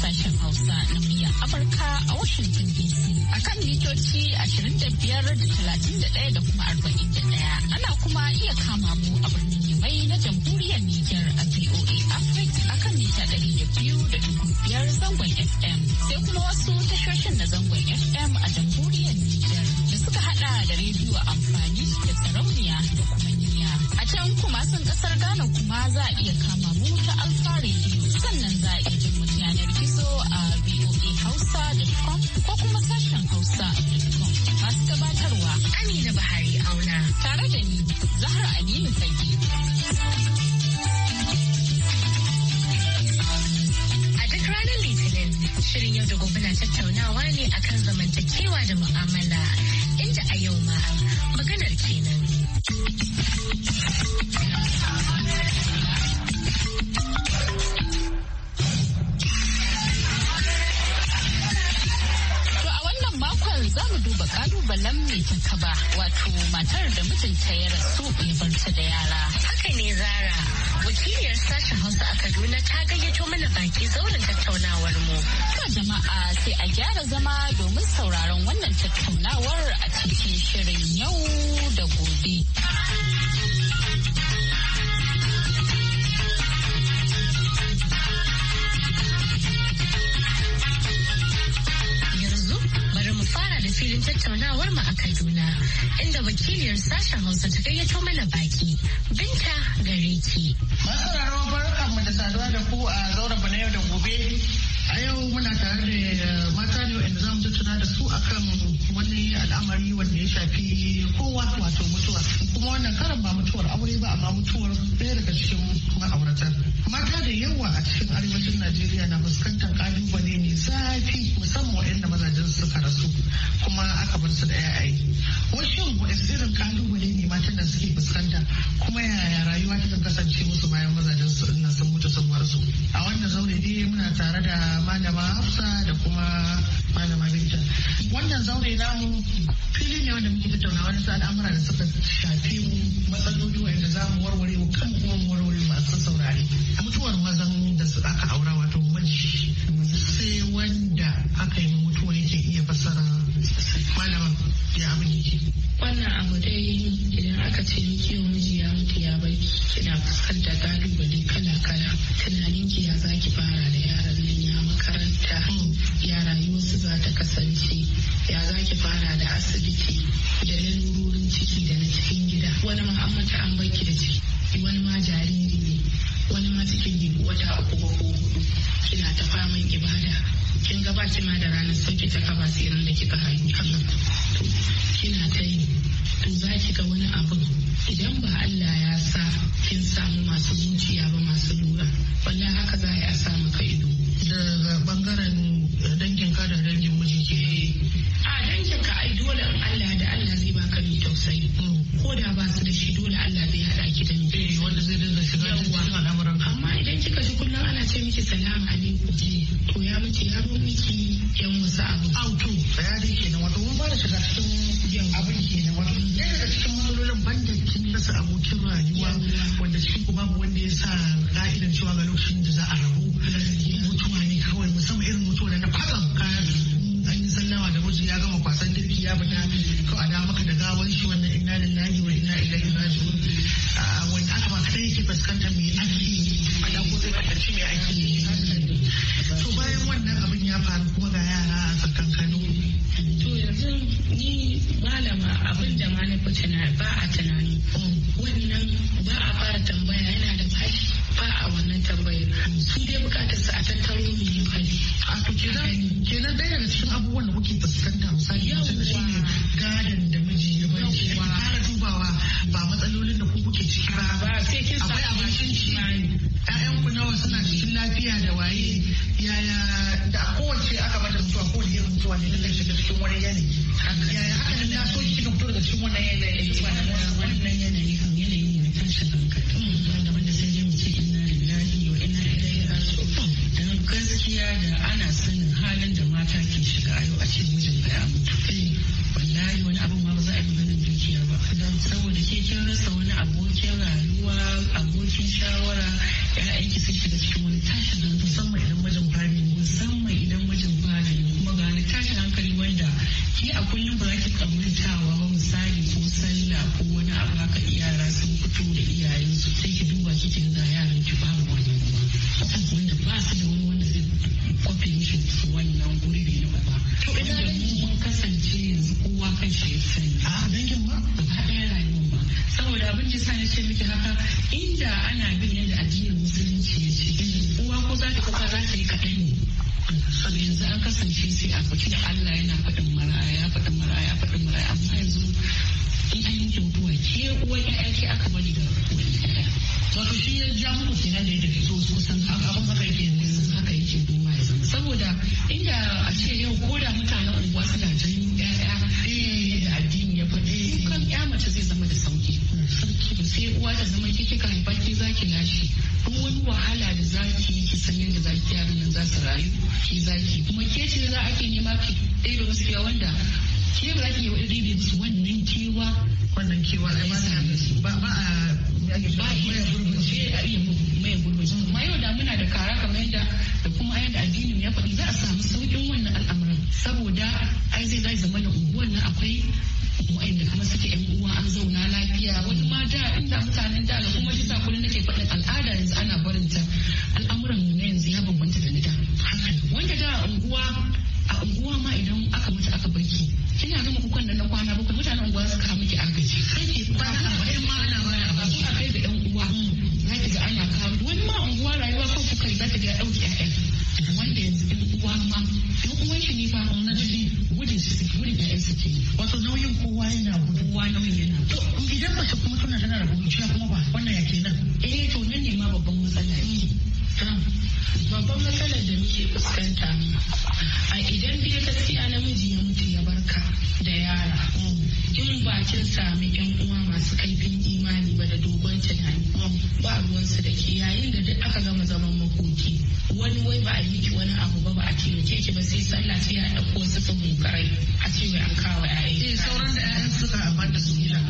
sashen Hausa na murya Afirka a Washington DC a kan mitoci 25 da 31 da kuma 41. Ana kuma iya kama mu a Kuma kumasin kasar Ghana kuma za a iya kama mu ta Alfa biyu sannan za a iya jin yanar gizo a VOA Hausa.com ko kuma sashen hausa masu gabatarwa Amina Bahari Auna tare da ni Zahra Aminu Fage. A duk ranar Litinin shirin yau da gobe na tattaunawa ne akan zamantakewa da mu'amala inda a yau ma maganar kenan. To a wannan za mu duba kalubalen mai takaba wato matar da mutunta ya rasu ya barta da yara. Haka ne Zara, wakiliyar sashen Hausa a Kaduna ta gayyato mana baki zauren tattaunawar mu. Ba jama'a sai a gyara zama domin sauraron wannan tattaunawar a cikin shirin yau yau da gobe. fara da filin tattaunawar mu a Kaduna inda wakiliyar sashen Hausa ta gayyato mana baki Binta gare ki. Masu barkan mu da saduwa da ku a zauren na yau da gobe A yau muna tare da mata ne wanda zamu mu tattauna da su akan wani al'amari wanda ya shafi kowa wato mutuwa. Kuma wannan karan ba mutuwar aure ba amma mutuwar ɗaya daga cikin ma'auratan. mata da yawa a cikin arewacin najeriya na fuskantar kalubale mai zafi musamman waɗanda mazajen suka rasu kuma aka bar su da yayaye wasu wasu irin kalubale ne matan da suke fuskanta kuma yaya rayuwa ta kasance musu bayan mazajen su sun mutu sun bar su a wannan zaune dai muna tare da malama hafsa da kuma wannan zaure mu fili ne wanda muke tattauna wani al'amura da suka shafi mu matsaloli wanda za mu warware wa kan kuma warware masu saurare mutuwar mazan da su aka aura wato mace sai wanda aka yi mutuwa yake iya fassara malaman ya abin yake wannan abu dai idan aka ce miki miji ya mutu ya bai kina fuskantar kalubale kala-kala tunanin ki ya zaki fara da yaran nan ya makaranta ya rayuwarsu za ta kasance ya zaki fara da asibiti da lalurorin ciki da na cikin gida wani ma an mata an baki da ciki wani ma jariri ne wani ma cikin wata uku ko hudu kina ta faman ibada kin ga baki ma da ranar sauke ta kafa siran da kika haihu Allah kina ta yi to za ki ga wani abu idan ba Allah ya sa kin samu masu zuciya ba masu lura wallahi haka za a samu ka ido daga bangaren dangin ka da dangin miji ke a dangin ka ai dole in Allah da Allah zai baka mai tausayi mm. ko da ba su da shi dole Allah zai hada ki da ni. Eh, wanda zai dinga shiga cikin al'amuran amma idan kika ji kullum ana ce miki salama maki ɗaya da gaskiya wanda ke ba za yi wani ribin su wannan kewa wannan kewa a yasa ba ba a ba a mai yau da muna da kara kamar yadda da kuma yadda addinin ya faɗi za a samu sauƙin wannan al'amuran saboda ai zai zai zama da unguwan nan akwai wa'anda kuma suke yan uwa an zauna lafiya wani da inda mutanen da kuma shi babban matsalar da muke fuskanta a idan dai gaskiya namiji ya mutu ya barka da yara in kin sami yan uwa masu kaifin imani ba da dogon tunani ba ruwansu da ke yayin da duk aka gama zaman makoki wani wai ba a yi miki wani abu ba ba a taimake ki ba sai sallah sai ya ɗauko wasu tsumin karai a ce wai an kawo eh, yayi sauran da 'ya'yan suka su gida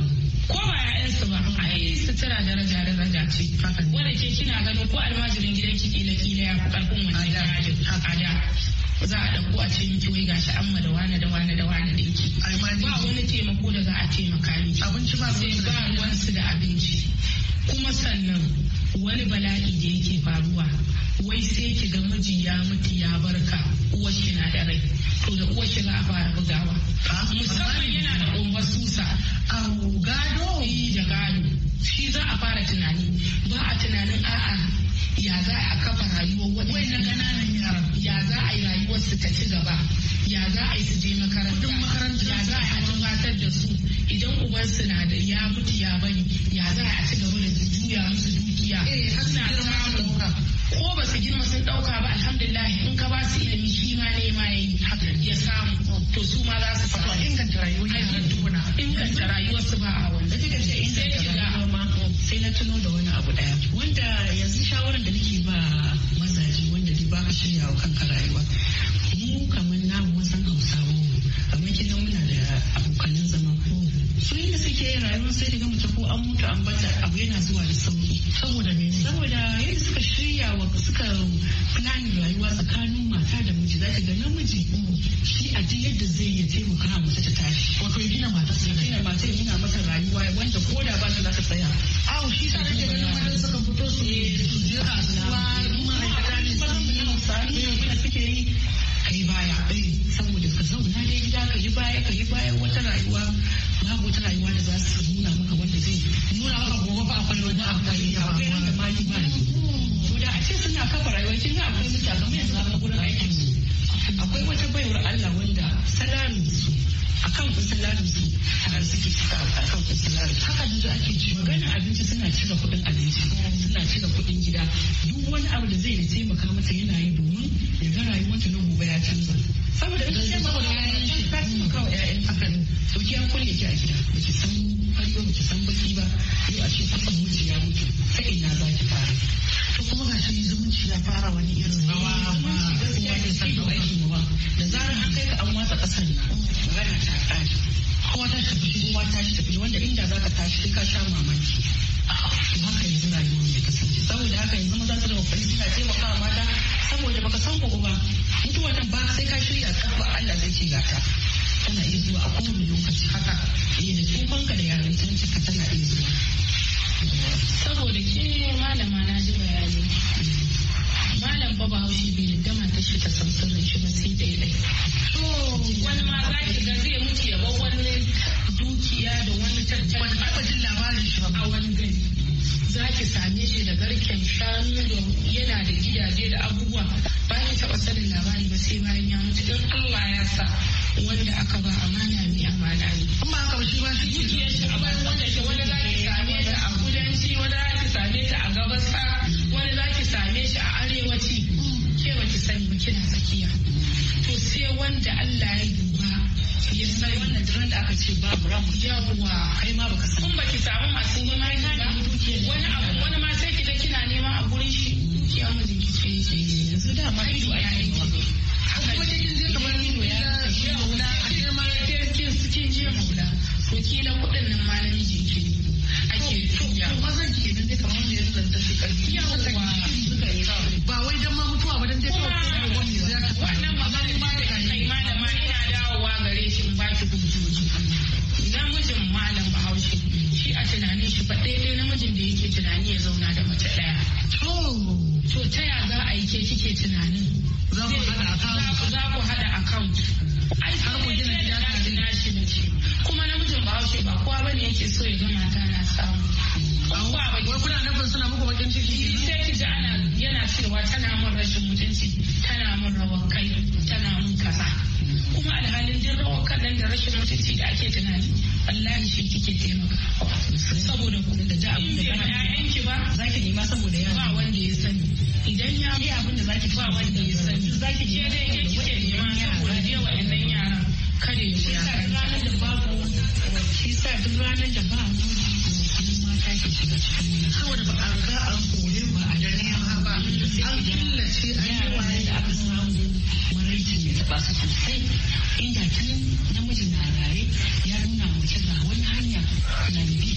ko ba ƴaƴansu ba ai sutura daraja daraja ce wanda ke kina gano ko almajirin gidan ki kila kila ya fi karfin wani almajir a da za a ɗauko a ce miki wai gashi amma da wane da wane da wane da yake ba wani taimako da za a taimaka miki abinci ba sai ba ruwansu da abinci kuma sannan wani bala'i da yake faruwa wai sai ki ga miji ya mutu ya barka uwar shi na da rai to da uwar shi za a fara bugawa musamman yana da kumbar susa a gado yi eh, da gado shi za a fara tunani ba a tunanin a'a ya za a kafa rayuwar na ƙananan yara. ya za a yi rayuwar su ta ci gaba ya za a yi su je makaranta ya za a yi tufatar da su idan ubansu na da ya mutu ya bari ya za a ci gaba da juya musu dukiya tarbiyya suna samu ko ba su girma sun dauka ba alhamdulillah in ka ba su ilimi shi ma ne ma yayi haka ya samu to su ma za su samu inganta rayuwar yaran inganta rayuwar su ba a wanda kika ce in inganta rayuwar ma sai na tuno da wani abu daya wanda yanzu shawaran da nake ba mazaje wanda dai baka shirya wa kanka rayuwa mu kamar namu wasan hausawa mu kamar kina muna da abokanin zama su inda suke yin rayuwar sai daga mutu ko an mutu an bata abu yana zuwa da sauri saboda mene saboda yadda suka shirya wa suka planning rayuwa tsakanin mata da miji zaki ga namiji shi a ji yadda zai yi taimaka wa mace ta tashi wato ya gina mata sai gina mata ya gina mata rayuwa wanda ko da ba ta za ta tsaya awo shi sa da ganin mata suka fito su eh, su je kasuwa ma'aikata ne su yi kai baya eh saboda ka zauna ne gida ka yi baya ka yi baya wata rayuwa babu wata rayuwa da za su nuna maka wanda zai nuna maka gobe ba akwai wani akwai akwai na ma ni ba ni to da a ce suna kafa rayuwa kin na akwai mutu mutane kamar yanzu a gurin aikin su akwai wata baiwar Allah wanda salarin su akan kusurar su har suke cika akan kusurar haka da ake ci magana abinci suna cire kuɗin abinci suna cire kuɗin gida duk wani abu da zai taimaka mata yana yi domin ya ga rayuwarta na gobe ya canza saboda ita ce saboda wani ta su kawo ƴaƴan hakan to ki an kulle ki a gida ba ki san fari ba ki san baki ba yau a ce kuka mutu ya mutu ta ina za ki fara to kuma ga shi zumunci ya fara wani irin rawa ma gaskiya ne san da aiki mu ba da zarar har kai ka an watsa ƙasar nan magana ta ƙare kowa ta tafi kowa ta tafi wanda inda za ka tashi sai ka sha mamaki haka yanzu rayuwar ya kasance saboda haka yanzu maza su da mafari suna taimakawa mata saboda baka san gobe ba mutuwa nan ba sai ka shirya tsaba Allah zai ce gata tana iya zuwa a kowane lokaci haka eh da ka da yaran cika tana iya zuwa saboda ke malama na ji bayani malam ba ba haushi bai yadda mata shi ta san sirrin shi ba sai dai dai to wani ma za ki ga zai mutu ya bar wani dukiya da wani tattalin abadin labarin shi a wani gani za ki same shi da garken shanu da yana da gidaje da abubuwa ba ki taɓa sanin labari ba sai bayan ya mutu don Allah ya sa wanda aka ba amana ne amana ne. Amma aka bashi ba shi dukiyar shi a bayan wanda ke wani za ki same shi a kudanci wani za ki same shi a gabasa wani za ki same shi a arewaci ki sani ba kina tsakiya to sai wanda Allah ya duba ya sai wannan da aka ce ramu yawa kai ma baka san baki samu masu da wani abu wani ma sai kina neman a gurin shi yanzu da ma ido a yayin haka kin je kamar ya ya wuna a cikin ma je to kila kudin nan ma ke ake zan kamar karfi ba wai dan ma mutuwa ba dan dai to ta ya za a yi ke kike tunanin za ku hada account za ku hada account ai har mu gina gida ta na shi na ce kuma namijin haushe ba kowa bane yake so ya ga mata na samu wai kuna nufin suna muku bakin ciki sai ki ji ana yana cewa tana mun rashin mutunci tana mun rawar kai tana mun kaza kuma alhalin din rawar nan da rashin mutunci da ake tunani wallahi shi kike taimaka saboda kuɗin da ja abin da ba ba za ki nema saboda yawa ba wanda ya sani idan ya yi abin da zaki ba wanda ya san zaki yaran ya wuya shi ranar da babu shi sa duk ranar da ba mu mata a ga kore ba a an killace an yi waye da aka samu maraicin ya taba su sosai inda tun namiji na raye ya nuna mace ga wani hanya na bi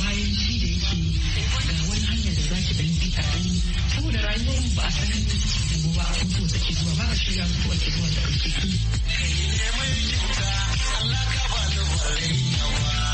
bayan shi da yake ga wani hanya da zaki dan bi a dan saboda rayuwar ba a san da ba a mutu da zuwa ba a shirya mutu ake zuwa da ɗauke. Allah ka ba da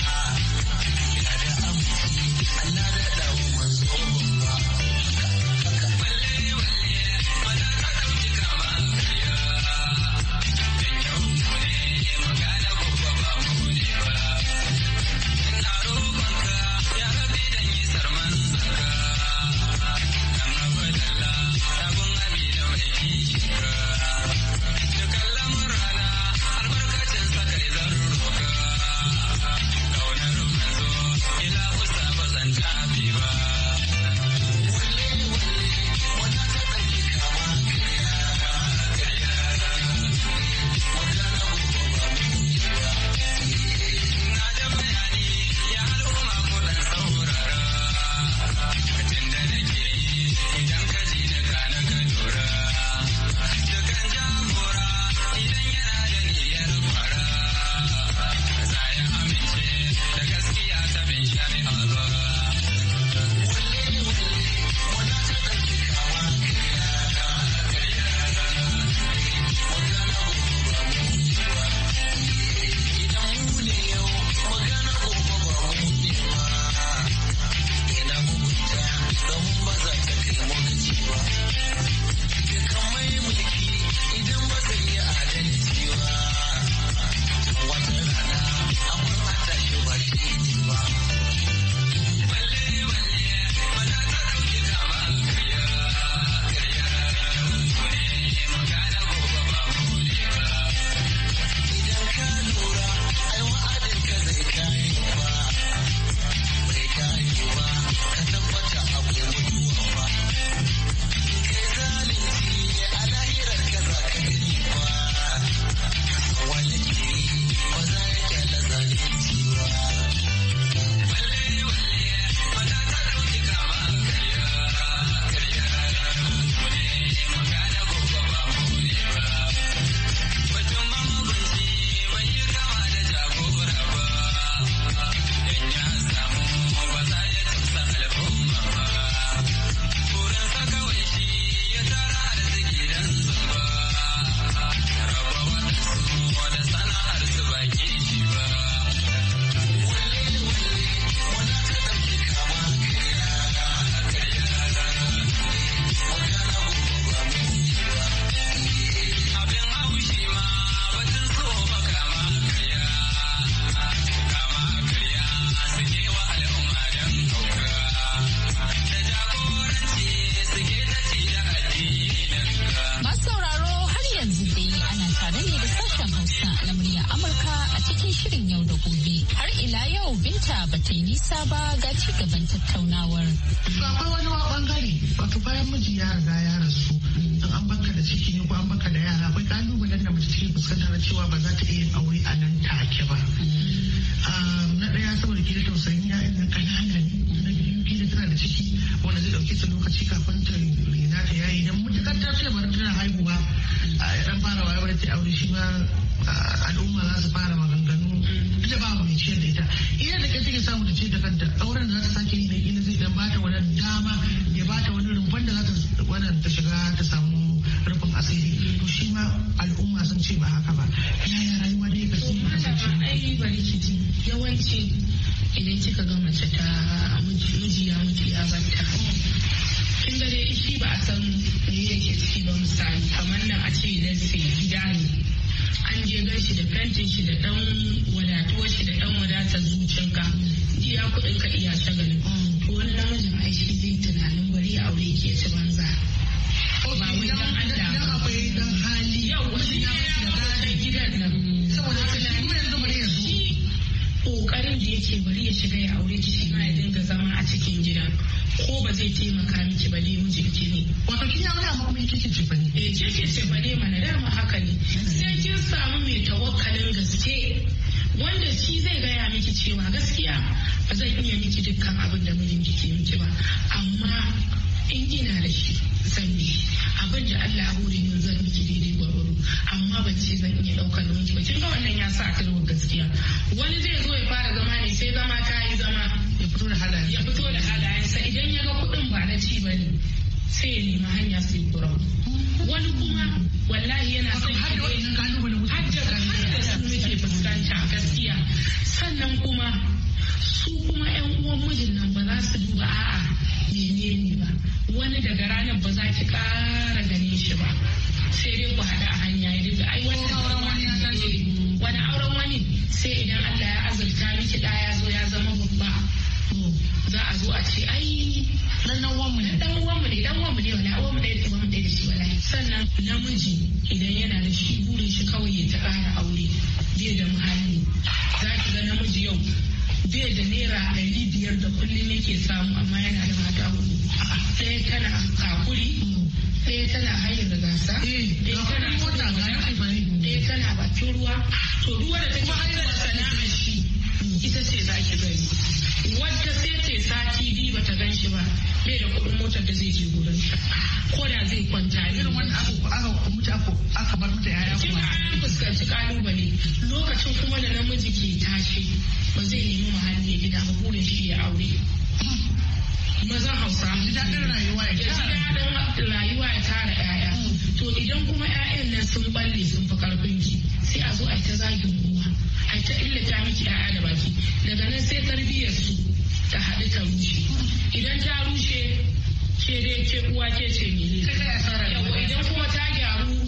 fahimta ba ta yi nisa ba ga ci gaban tattaunawar. akwai wani bangare wato bayan miji ya riga ya rasu in an baka da ciki ne ko an baka da yara akwai kalubalen da mace take fuskanta na cewa ba za ta iya yin aure a nan take ba. Ah, na ɗaya saboda ke tausayin ya ina ƙanana ne na biyu ke tana da ciki wanda zai ɗauke ta lokaci kafin ta rena ta yayi dan mutukar ta ce bari tana haihuwa a ɗan fara wayewar ta aure shi ma ah, al'umma za su fara maganganu da ba mai ciyar da ita ina da kace ke samu da ce da kanta auren da za ta sake yi ne ina zai dan bata wani dama ya bata wani rumfan da za ta wannan ta shiga ta samu rufin asiri to shi ma al'umma sun ce ba haka ba yaya rayuwa dai ka sun ai bari kiji yawanci idan kika ga mace ta miji ya mutu ya banta. kin ga dai shi ba a san me yake ciki ba misali kamar nan a ce idan sai gida ne an je gan shi da fentin shi da dan wadatuwar shi da dan wadatar ka iya kuɗin ka iya shagalin to wani namijin ai shi zai tunanin bari ya aure ke ci banza ba wai dan Allah akwai dan hali yau wani ya ga gidan nan saboda haka mun yanzu bari ya zo kokarin da yake bari ya shiga ya aure ki shi ma ya dinga zama a cikin gida ko ba zai taimaka miki ba dai mijin ki ne wato kin yawo da kuma kike ce bane eh kike ce bane mana dama haka ne sai kin samu mai tawakkalin gaske wanda shi zai gaya miki cewa gaskiya ba zai iya miki dukkan abin da mijin ke miki ba amma in ina da shi sanni abin da Allah ya hore ni zan miki daidai gwargwaro amma ban ce zan iya daukar miki ba kin ga wannan ya sa a gaskiya wani zai zo ya fara zama ne sai zama ta yi zama ya fito da halaye ya fito da halaye sai idan ya ga kuɗin ba na ci bane sai ya nemi hanya sai ya kura wani kuma wallahi yana son har da wannan kalubalen har da su muke fuskanta gaskiya sannan kuma su kuma yan uwan mijin nan ba za su duba a'a menene ba wani daga ranar ba za ki ƙara ganin shi ba sai dai ku haɗa a hanya ya dinga ai eh, wani auren wani sai idan Allah ya azurta miki ɗa ya zo ya zama babba za a zo a ce ai dan wanmu ne dan wanmu ne dan wanmu ne wala wanmu ɗaya da wanmu da shi wala sannan namiji idan yana da shi burin shi kawai ya ta ƙara aure zai da muhalli za ki ga namiji yau bai da naira ɗari biyar da kullum yake samu amma yana da mata hudu sai tana kakuri sai tana hanyar da gasa eh, eh, sai eh, tana bakin ruwa to ruwa da take kuma sana'a shi ita ce za ki gani wadda sai ce sati biyu bata gan shi ba bai da kuɗin motar da zai je gurin ko da zai kwanta ne irin wani abu aka mutu aka bar mata yaya kuma kin fuskanci kalubale lokacin kuma da namiji ke tashi ba zai nemi muhalli ya gida ba burin shi ya aure mazan hausa ji daɗin rayuwa ya daɗin rayuwa ya tara yaya mm. to idan kuma ƴaƴan nan sun balle sun fi karfin ki sai a zo a ta zagin ku ya ta illata miki da baki daga nan sai tarbiyyar su ta haɗu ta rushe idan ta rushe ke dai ke uwa ke ce ne idan kuma ta gyaru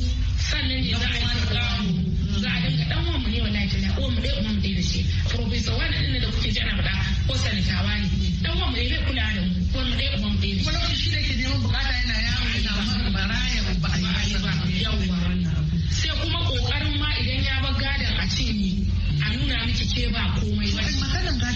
sannan ne za a yi samu za a dinga dan wanmu ne wallahi tana ko mu dai uwan mu dai da shi professor wani din da kuke jana faɗa ko sanitawa ne dan wanmu dai ne kula da mu uwan mu dai uwan mu dai da shi shi ke neman bukata yana rikice ba komai ba. Maganar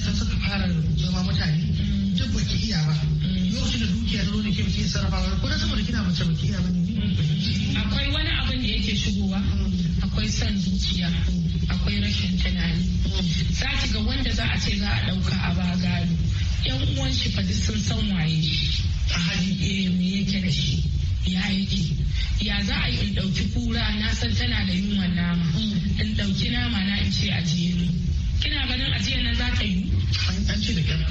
sai suka fara zama mutane mm. duk baki iya ba mm. lokacin da dukiya ta zo da ke ba sarrafa ko da saboda kina mace baki iya ba ne akwai wani abin da yake shigowa akwai son dukiya. akwai rashin tunani za ga wanda za a ce za a ɗauka a ba gado yan uwan shi fa sun san waye a hali eh, me yake da shi ya yake ya za a yi in ɗauki kura na san tana da yunwan nama mm. in ɗauki nama na in ce a jere kina ganin ajiyar nan za ta yi an ce da kyar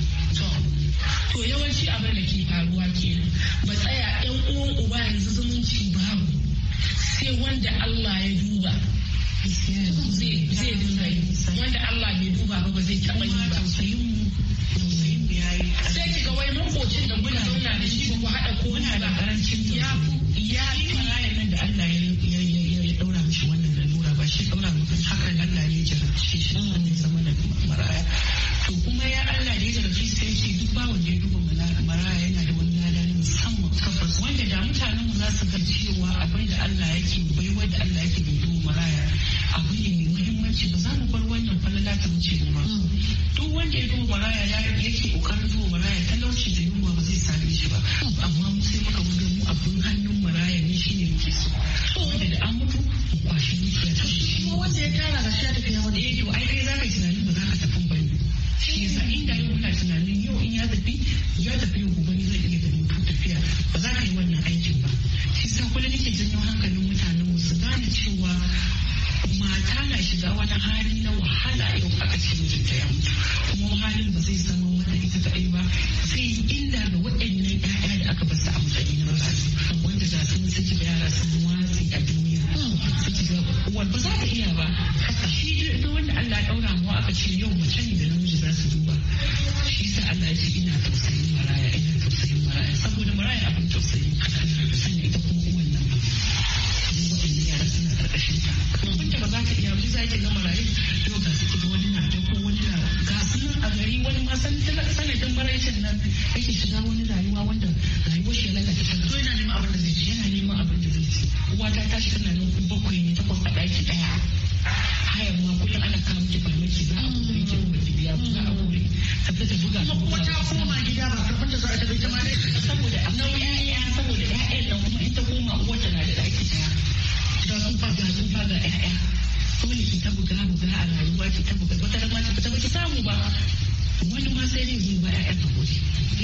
to yawanci abin da ke faruwa kenan ba tsaya yan uwan uba yanzu zumunci babu sai wanda Allah ya duba zai dinga yi wanda Allah bai duba ba ba zai taɓa yi ba sai ki ga wai makocin da muna zauna da shi ba ku haɗa ko ya fi ya fi da Allah ya wasi a duniya ba uwar ba za ta iya ba shi na wanda Allah ya daura mu aka ce yau mace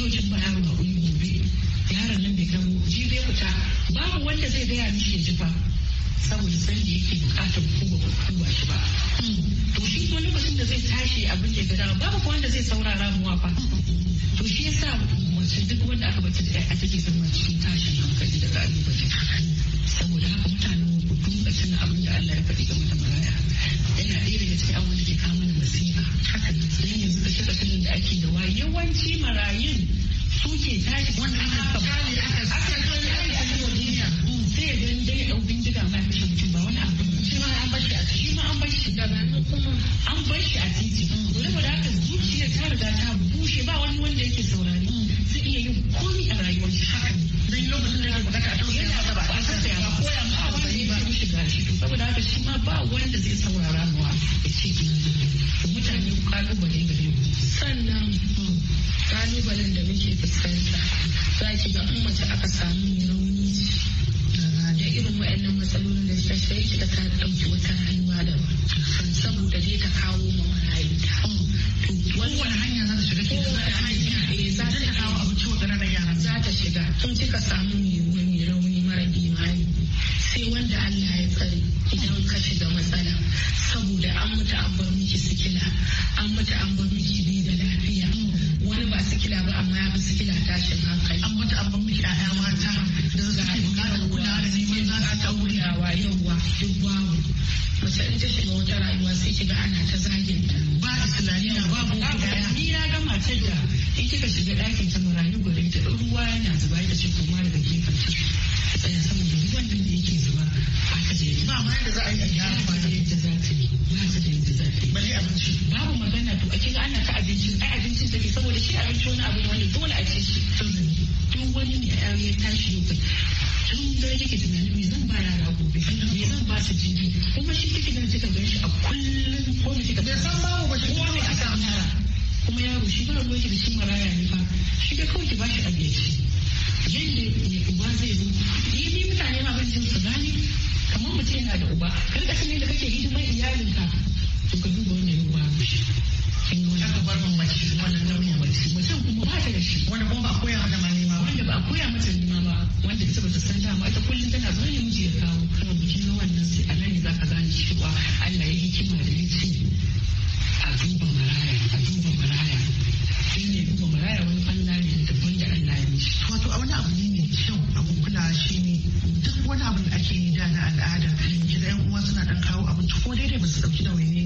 wajen barawa ba gobe yaron nan bai kamo ji bai fita babu wanda zai gaya mishi ya ji ba saboda san da yake bukatar kuma ba kuwa shi ba to shi kuma lokacin da zai tashi abin da ya gada babu kuma wanda zai saurara muwa ba to shi yasa mace duk wanda aka bace da a take zama cikin tashin hankali da kalubale saboda haka mutanen ku duba suna abin da Allah ya faɗi game da maraya ya ce an wani zai kawo mana haka dan yanzu kashe sanin da ake da wa yawanci marayun suke tashi wanda aka kare aka yi mutum ba wani abu an bashi a shi ma an an a titi mm, saboda haka zuciya ta riga ta bushe ba wani wanda yake saurari mm, zai iya yin komi a rayuwar shi haka ne lokacin da ya bukata a ba a tausaya ba koya ma a wani ba saboda haka shi ma ba wanda zai saurari kalubale gare mu sannan hmm, kalubalen da muke fuskanta za ki ga in mace aka samu rauni da irin waɗannan matsalolin da suka sai ki ta dauki wata rayuwa da saboda dai ta kawo ma marayuta. Wani wani hanya za ta shiga ki eh, ta hanya za ta kawo abinci wa ƙananan yaran. Za ta shiga in kika samu mai rauni mara imani sai wanda Allah ya tsare idan ka shiga matsala saboda an mutu an bar ta shiga wata rayuwa sai ki ga ana ta zagin ta ba islamiyya ba boko daya ni na ga matar da in kika shiga ɗakin ta murayu gari ta ruwa yana zuba ita ce kuma daga gefen ta san saboda ruwan nan da yake zuba aka je ba ma yadda za a yi a gyara ba ne yadda za ta yi ba ta da yadda za ta yi bari abinci babu magana to a kika ana ta abinci ai abincin take saboda shi abinci wani abu ne wanda dole a ce shi tun wani ne a ya tashi yau tun da yake tunanin me zan ba yara gobe me zan ba su jibi kuma shi kawo da shi maraya ne shi da kawai ki bashi abinci yadda ya uba zai zo yi bi mutane ma ban su gane kamar mutum yana da uba da kake hidimar iyalinka to ka duba wannan uba mace mace mutum kuma ba ta da shi wanda kuma ba koya mata ma nema wanda ba koya mata nema ba wanda ita ba ta san dama ita kullum tana zuwa wani abu da ake yi da na al'ada kira yan uwa suna dan kawo abinci ko daidai ba su dauki wani.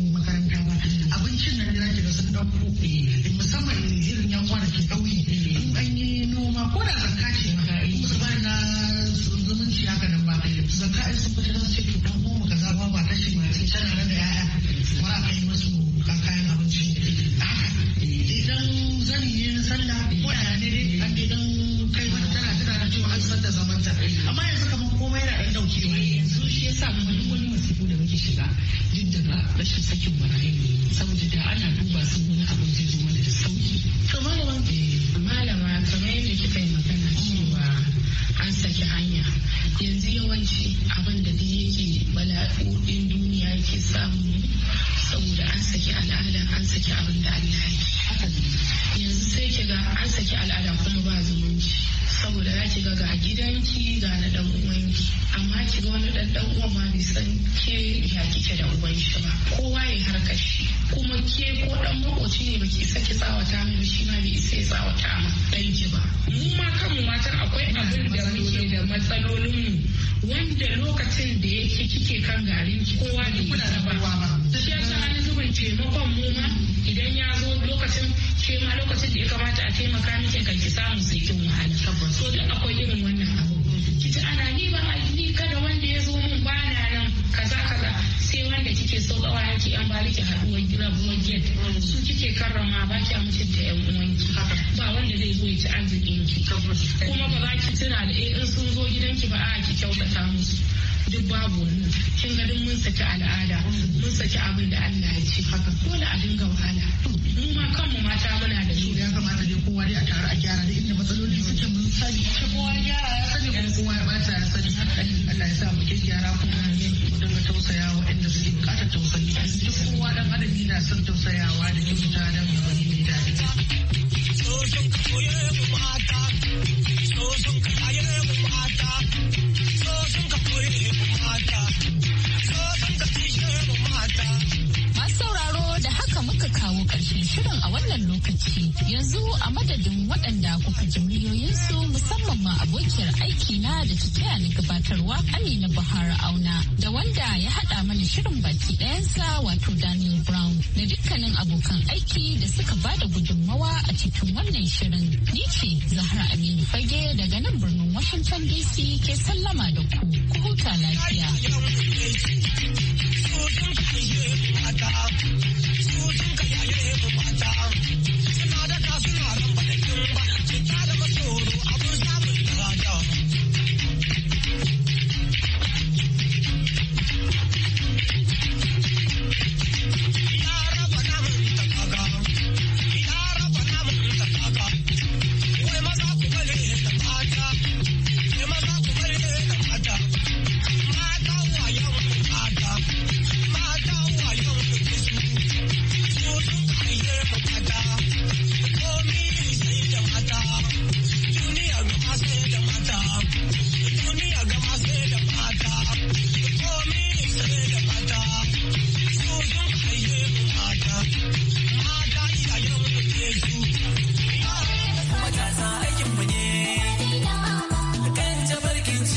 ke ya kike da uban shi ba kowa ya harkar shi kuma ke ko dan makoci ne baki isa ki tsawata mai shi ma bai isa ya tsawata ma dan ki ba mu ma kanmu matan akwai abin da muke da matsalolin mu wanda lokacin da yake kike kan garin ki kowa ne kuna da barwa ba shi yasa an zubin taimakon mu ma idan ya zo lokacin ke ma lokacin da ya kamata a taimaka miki kan ki samu sai kin wahala to duk akwai irin wannan abu kici ana ni ba ni kada wani kike so ki yan bariki haduwar rabuwar get su kike karrama ba ki mutunta yan uwanki ba wanda zai zo ya ci arzikin ki kuma ba za ki tuna da eh, in sun zo gidanki ba a ki kyautata musu duk babu wannan kin ga mun saki al'ada mun saki abin da Allah ya ce haka dole a dinga wahala mu ma kanmu mata muna da su ya kamata dai kowa dai a tare a gyara dai matsaloli suke mun sani kowa gyara ya sani kuma kowa ya bata ya sani Allah ya sa mu gyara kuma mu dinga tausaya waɗanda suke bukatar tausayi duk kowa dan adam yana son tausayawa da kyauta da wani mai daɗi. Sosan koyar mata, sosan kayar Masu sauraro da haka muka kawo ƙarshen shirin a wannan lokacin. yanzu a madadin waɗanda kuka ji su musamman ma abokiyar aiki na da ta taya ni gabatarwa amina buhari auna da wanda ya haɗa mana shirin baki ɗayansa wato daniel brown da dukkanin abokan aiki da suka ba da gudunmawa a cikin wannan shirin ni ce zahra aminu fage daga nan birnin washington dc ke sallama da ku ku huta lafiya.